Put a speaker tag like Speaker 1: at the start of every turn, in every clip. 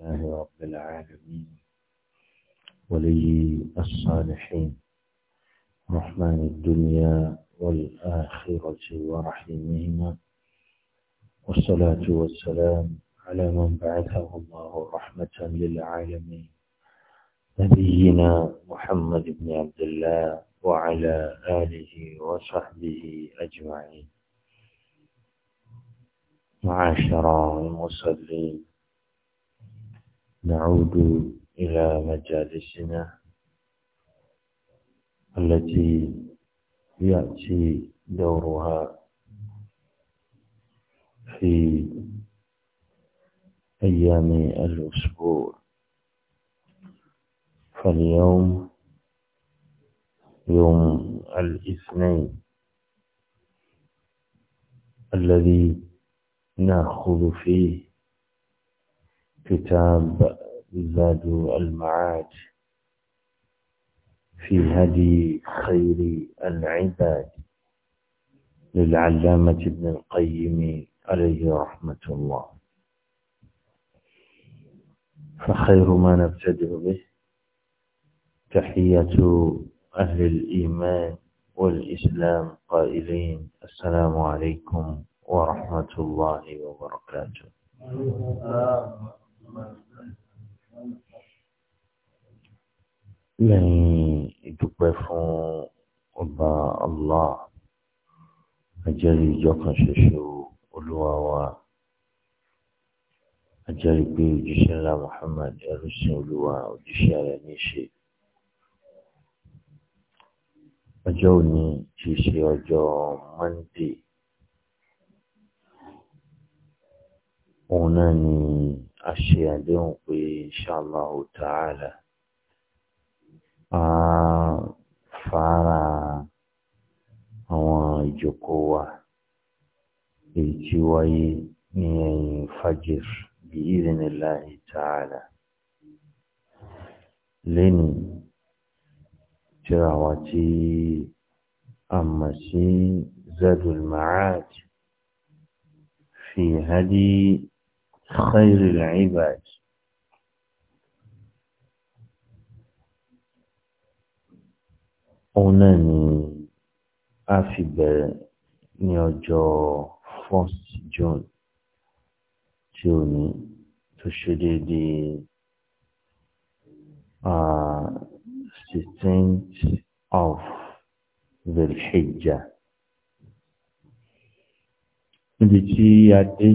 Speaker 1: لله رب العالمين ولي الصالحين رحمن الدنيا والآخرة ورحيمهما والصلاة والسلام على من بعثه الله رحمة للعالمين نبينا محمد بن عبد الله وعلى آله وصحبه أجمعين معاشر المصلين نعود إلى مجالسنا التي يأتي دورها في أيام الأسبوع فاليوم يوم الاثنين الذي ناخذ فيه كتاب زاد المعاد في هدي خير العباد للعلامة ابن القيم عليه رحمة الله فخير ما نبتدئ به تحية أهل الإيمان والإسلام قائلين السلام عليكم ورحمة الله وبركاته lẹ́yìn ìdúpẹ́ fún ọba Allah ajẹ́rìí ìjọ kan ṣoṣo olúwa wa ajẹ́rìí pé òjíṣẹ́ ńlá Muhammad ẹrú sí olúwa òjíṣẹ́ rẹ̀ ní í ṣe. ọjọ́ òní ti ṣe ọjọ́ Monday òun náà ni a ṣe àdéhùn pé inshallahu ta'ala a fara àwọn ìjókòó wa èyí tí wáyé ní ẹ̀yìn fajr bí idhnillahi ta'ala lẹ́nu tíra tí a mọ̀ sí zadul ma'ad fi hadi خير ibad. òun náà ni a fi bẹ̀rẹ̀ ní ọjọ́ first June tí ò ní tó ṣe déédéé sixteenth of Dhul-Hijjah níbi tí a dé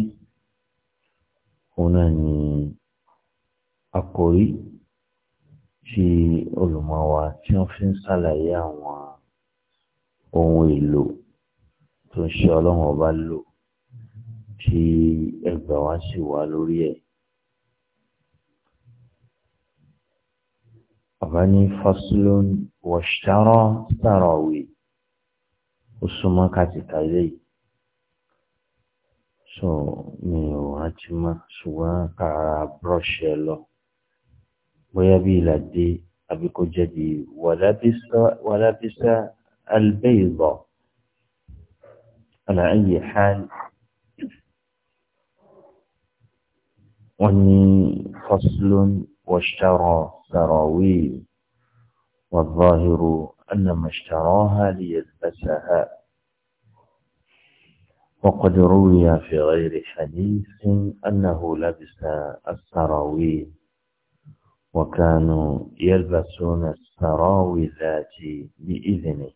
Speaker 1: òun náà ni àkòrí tí olùmọ̀ wa tí wọ́n fi ń ṣàlàyé àwọn ohun èlò tó ń ṣe ọlọ́run ọba lò tí ẹgbà wa sì wà lórí ẹ̀. Bàbá ní faslun wọ̀ṣáró sàrọ̀wì ó súnmọ́ kàtìkà lẹ́yìn. so mi ò rántí mọ́ ṣùgbọ́n kàrà búrọ́ọ̀ṣì ẹ lọ bóyá bí ìlàdé àbí kó jẹ́ bí wàlábísà albẹ́ìbọ̀ ala ayi hal wọ́n ní faslun washtara sarawil والظاهر أن ما اشتراها ليلبسها وقد روي في غير حديث أنه لبس السراويل وكانوا يلبسون السراوي ذاتي بإذنه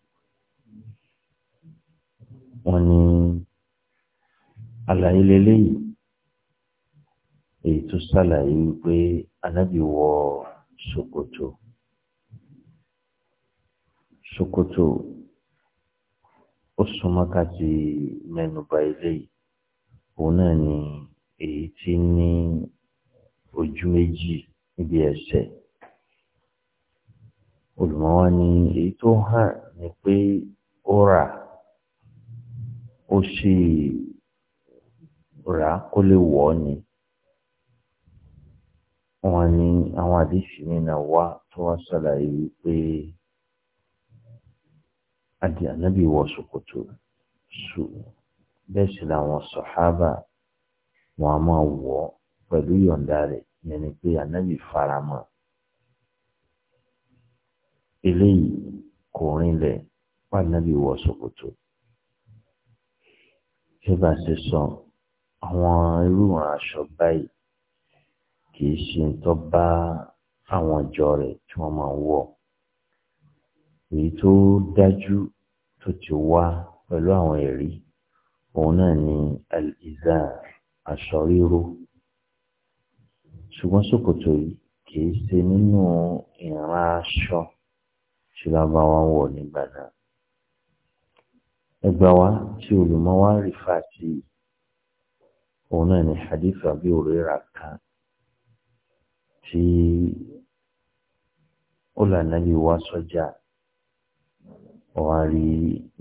Speaker 1: وني العليلي ètò sàlàyé wípé anábì wọ سكوتو ṣòkòtò ó súnmọ́ ká ti mẹ́nuba eléyìí òun náà ni èyí tí ní ojú méjì níbi ẹsẹ̀ olùmọ̀wá ni èyí tó hàn ni pé ó rà ó sì rà kó lè wọ̀ ọ́ ni wọ́n ní àwọn àdìsí nínú wa tó wá ṣàlàyé àdì ànábì wọ ṣòkòtò ṣù bẹ́ẹ̀ sì làwọn sọ̀hábà wọn a máa wọ̀ ọ́ pẹ̀lú yọ̀ǹda rẹ̀ yẹn ni pé ànábì faramọ́ eléyìí kò rinlẹ̀ wà ànábì wọ ṣòkòtò àwọn irú aṣọ báyìí kì í ṣe tó bá àwọn ìjọ rẹ̀ tí wọ́n máa wọ̀ èyí tó dájú tó ti wá pẹ̀lú àwọn ẹ̀rí òun náà ni al-izar aṣọ ríro ṣùgbọ́n ṣòkòtò yìí kìí ṣe nínú ìran aṣọ tí lábá wa ń wọ̀ nígbà náà ẹgbà wa tí olùmọ̀ wa rí fàtì òun náà ni hadith àbí òrera kan tí ó lànà bí wá sọ́jà wọ́n á rí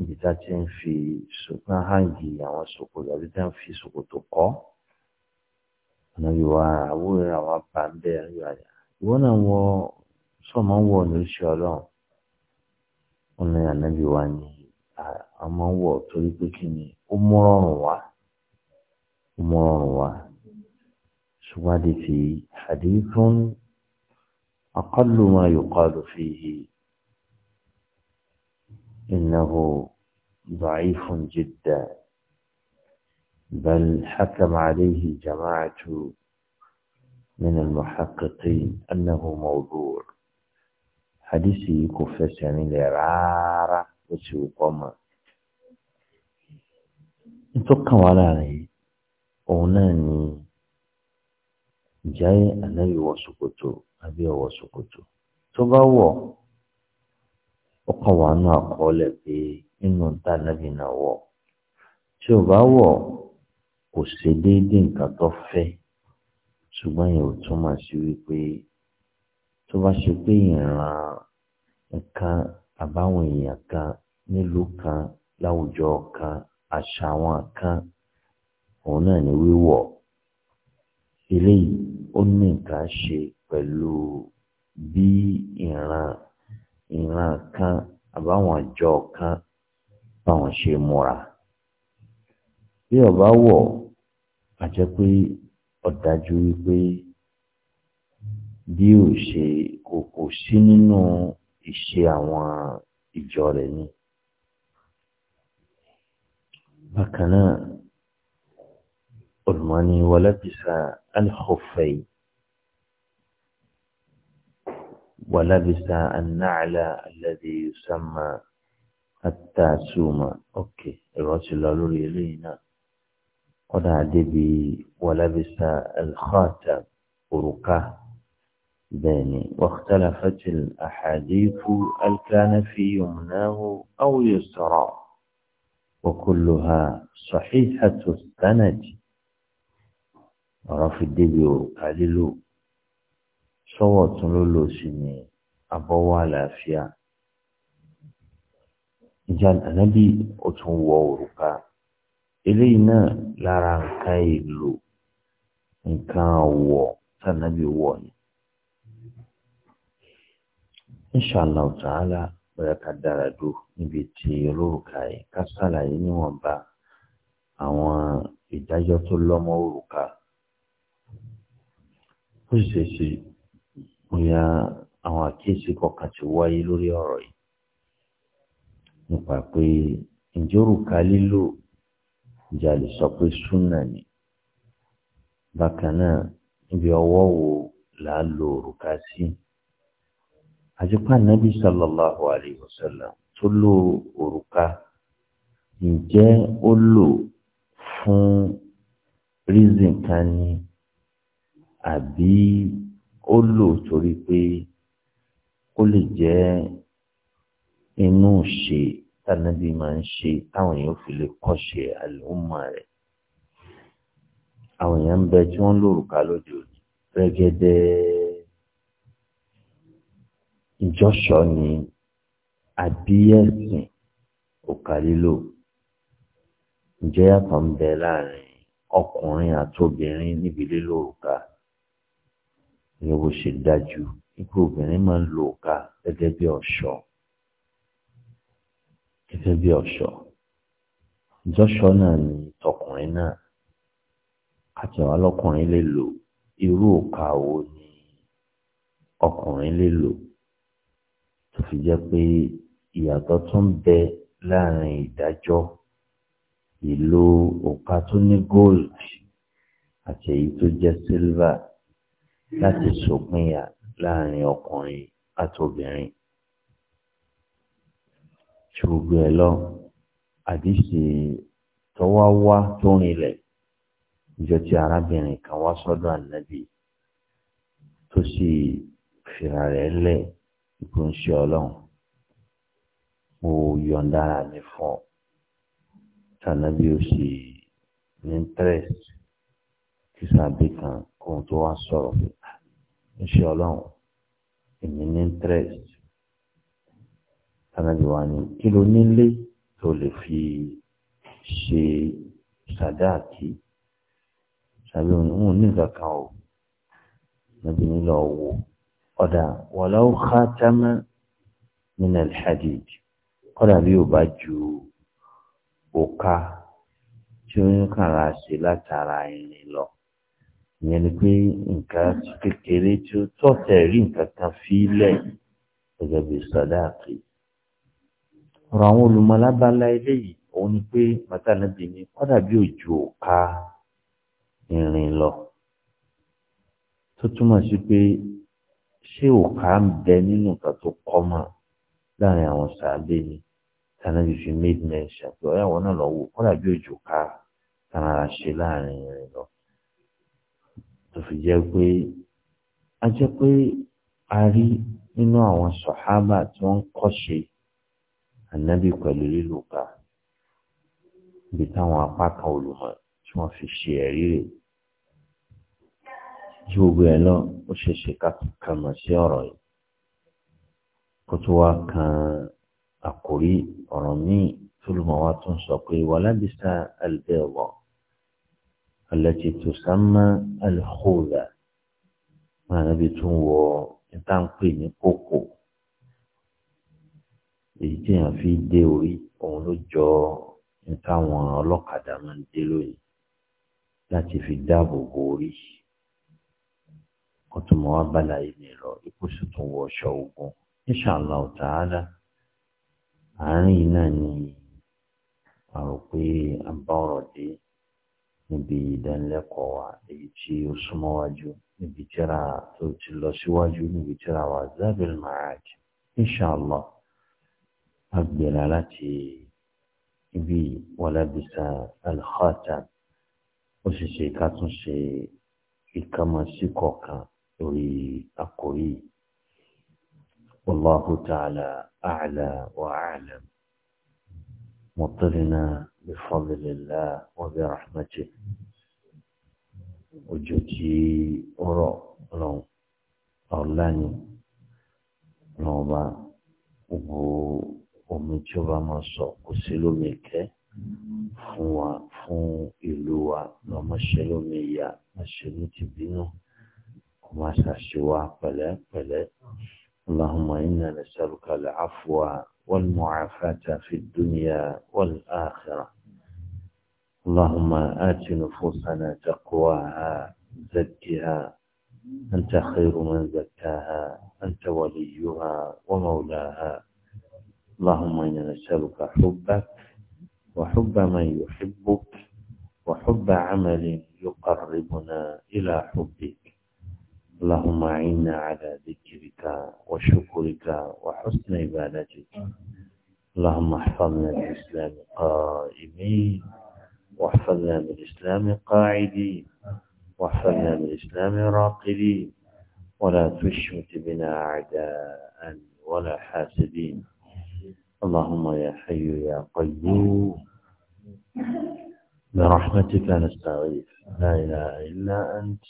Speaker 1: ibi tá a ti ń fi ṣùgbọ́n hàǹgì àwọn ṣòkòtò àbí tá a ń fi ṣòkòtò kọ́ ànábì wa àwòrán àwọn bá ń bẹ ànábì wa ìwọ náà wọ sọmọ wọ ní Ọlọ́run wọn ní ànábì wa ní àmọ́ wọ torí pé kí ni ó mú ọrùn wá ó mú ọrùn wá ṣùgbọ́n àdìsí hadithun aqallu ma yuqalu fihi. إنه ضعيف جدا بل حكم عليه جماعة من المحققين أنه موضوع حديثي كفتني لرارة وسوقما تقام على أوناني جاي أنا وسكوتو أبي وسكوتو تبا ọkọ̀ wà nù àkọọ́lẹ̀ pé nínú tá nàbì náà wọ̀ tí ò bá wọ̀ kò ṣe déédéé nǹkan tó fẹ́ ṣùgbọ́n yẹn ò túmọ̀ sí wípé tó bá ṣe pé ìran nǹkan àbáwọn èèyàn kan nílùú kan láwùjọ kan àṣà wọn kan òun náà ni wíwọ̀ eléyìí ó ní nǹkan ṣe pẹ̀lú bí ìran ìran kan àbáwọn ìjọ kan báwọn ṣe múra bí ọba wọ àjẹ pé ọ̀dájú wípé bí ò ṣe kò kò sí nínú ìṣe àwọn ìjọ rẹ̀ ni bákan náà olùmọ́ni wọlé bísà alhofei. ولبس النعل الذي يسمى التاسوما أوكي الرجل لولو لينا قد عدبي ولبس الخاتم أرقه باني واختلفت الأحاديث هل كان في يمناه أو يسراه وكلها صحيحة السند رفض الدبي له sọ́wọ́ ọ̀tún ló lò sí ni abọ́wọ́ àlàáfíà ìjà ànábì ó tún wọ òrùka eléyìí náà lára nǹkan èlò nǹkan wọ̀ tànábì wọ̀ ni. inṣàlá ọ̀tàálà bóyá ká dára dúró níbi tí olórùka yìí ká sàlàyé níwọ̀nba àwọn ìdájọ́ tó lọ́mọ òrùka ó sì ṣe bóyá àwọn àkíyèsí kọ̀ọ̀kan ti wáyé lórí ọ̀rọ̀ yìí nípa pé ìjórùka lílò ìjà lè sọ pé súnà ni bákan náà níbi ọwọ́ wo là á lo òrùka sí àtipá nàbí sallallahu alayhi wa sallam tó lo òrùka ǹjẹ́ ó lò fún rízìn kan ni àbí ó lò torí pé ó lè jẹ́ inú ṣe tànàbí máa ń ṣe táwọn èèyàn fi lè kọ́ṣe àlùmọ́ rẹ̀ àwọn èèyàn ń bẹ tí wọ́n lòrùka lóde òní rẹ́gẹ́dẹ́ ìjọ́ṣọ́ ni àbíyẹ̀sìn òkà lílò ǹjẹ́ ń bẹ láàrin ọkùnrin àtobìnrin níbi lílò òrùka ní owó ṣe dájú ipò obìnrin máa ń lo òka gẹ́gẹ́ bí ọ̀ṣọ́ gẹ́gẹ́ bí ọ̀ṣọ́ ìjọ́ṣọ́ náà ni tọkùnrin náà àti àwọn ọlọ́kùnrin lè lò irú òka wo ni ọkùnrin lè lò tó fi jẹ́ pé ìyàtọ̀ tó ń bẹ láàrin ìdájọ́ ìlò òka tó ní gold àti èyí tó jẹ́ silver láti ṣòpinya láàrin ọkùnrin àtobìnrin. ṣùgbọ́n ẹ lọ àdìsí tọ́wá wá tó rinlẹ̀ ìjọ tí arábìnrin kan wá sọ́dọ̀ ànábì tó sì fìrà rẹ̀ lẹ̀ ìkó ń ṣe ọlọ́run mo yọ̀ǹda ara mi fún ọ tànàbí ó sì ní interest kí sàbí kan kóhun tó wá sọ̀rọ̀ pé ńṣe ọlọ́run èmi ní interest anabi wa ni kí ló nílé tó lè fi ṣe sàdáàkì sàbí òun ní nǹkan kan o nàbí nílò owó ọ̀dà walau khatama min al-hadid kọ́dà bí ò bá ju òka tí ó ń kàrà sí látara irin lọ ìyẹn ni pé nǹkan kékeré tí ó tọ́tẹ̀ rí nǹkan kan fílẹ̀ gẹ́gẹ́ bí sàdáàkì. ọ̀rọ̀ àwọn olùmọ̀lábàlá eléyìí òun ni pé màtánàbí ni kọ́dà bí òjò òka ìrìn lọ tó túmọ̀ sí pé ṣé òka ń bẹ nínú nǹkan tó kọ́ mọ́ láàrin àwọn sàábé ni tànàbí fi made mention pé ọ̀yà àwọn náà lọ wò kọ́dà òjò òka tànàrà ṣe láàrin ìrìn lọ tó fi jẹ́ pé a jẹ́ pé a rí nínú àwọn sọ̀hábà tí wọ́n ń kọ́ṣe ànábì pẹ̀lú lílo ga ibi táwọn apá kan olùmọ̀ tí wọ́n fi ṣe ẹ̀rí rẹ̀ ju gbogbo ẹ̀ lọ ó ṣeéṣe ká sí ọ̀rọ̀ yìí kó tó wá kan àkórí ọ̀rọ̀ míì tó lùmọ̀ wá tó ń sọ pé wàlábìsà àlùbẹ́ẹ̀ wọ̀. التي تسمى الخوذة ما نبي تنو تنقيني كوكو èyí tí èèyàn fi dé orí òun ló jọ táwọn ọlọ́kadà máa ń dé lónìí láti fi dáàbò bo orí wọ́n tún mọ́ wá bàlàyé mi lọ ikú sì tún wọ ọ̀ṣọ́ ogun inṣàlá ta'ala àárín yìí náà ni àrò pé a bá ọ̀rọ̀ dé níbi ìdánilẹ́kọ̀ọ́ èyí tí ó súnmọ́wájú níbi tíra tó ti o waju nibi síwájú níbi tíra wa zabil ma'aj inṣàlá agbèrè láti ibi wàlábìsà alhata ó sì ṣe ká tún ṣe ìkámasí kọ̀ọ̀kan lórí àkórí wallahu ta'ala a'la wa a'lam مطرنا بفضل الله وبرحمته ojú tí ó rọ̀ lọ́n ọ̀la ni lọ́n bá gbogbo omi tí ó bá máa sọ kò sí lómi ìkẹ́ fún wa fún ìlú wa lọ́ máa ṣe lómi ìyá máa ṣe ní tìbínú kò máa ṣàṣì wa pẹ̀lẹ́pẹ̀lẹ́ اللهم إنا نسألك العفو والمعافاة في الدنيا والآخرة اللهم آت نفوسنا تقواها زكها أنت خير من زكاها أنت وليها ومولاها اللهم إنا نسألك حبك وحب من يحبك وحب عمل يقربنا إلى حبك اللهم أعنا على ذكرك وشكرك وحسن عبادتك اللهم احفظنا الإسلام قائمين واحفظنا بالإسلام قاعدين واحفظنا بالإسلام راقدين ولا تشمت بنا أعداء ولا حاسدين اللهم يا حي يا قيوم برحمتك نستغيث لا إله إلا أنت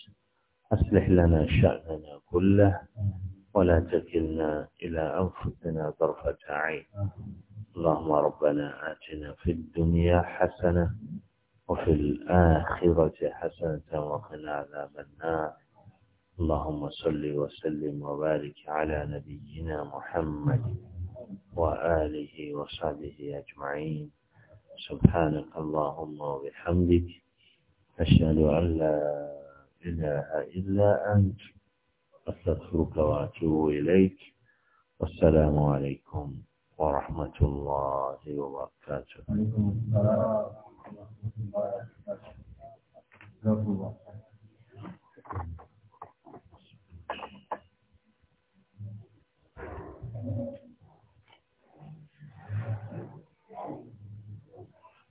Speaker 1: أصلح لنا شأننا كله ولا تكلنا إلى أنفسنا طرفة عين اللهم ربنا آتنا في الدنيا حسنة وفي الآخرة حسنة وقنا عذاب النار اللهم صل وسلم وبارك على نبينا محمد وآله وصحبه أجمعين سبحانك اللهم وبحمدك أشهد أن لا إله إلا أنت أستغفرك وأتوب إليك والسلام عليكم ورحمة الله وبركاته Zafi